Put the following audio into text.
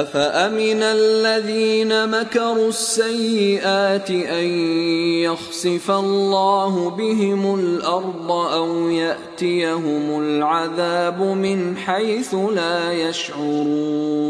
أفأمن الذين مكروا السيئات أن يخسف الله بهم الأرض أو يأتيهم العذاب من حيث لا يشعرون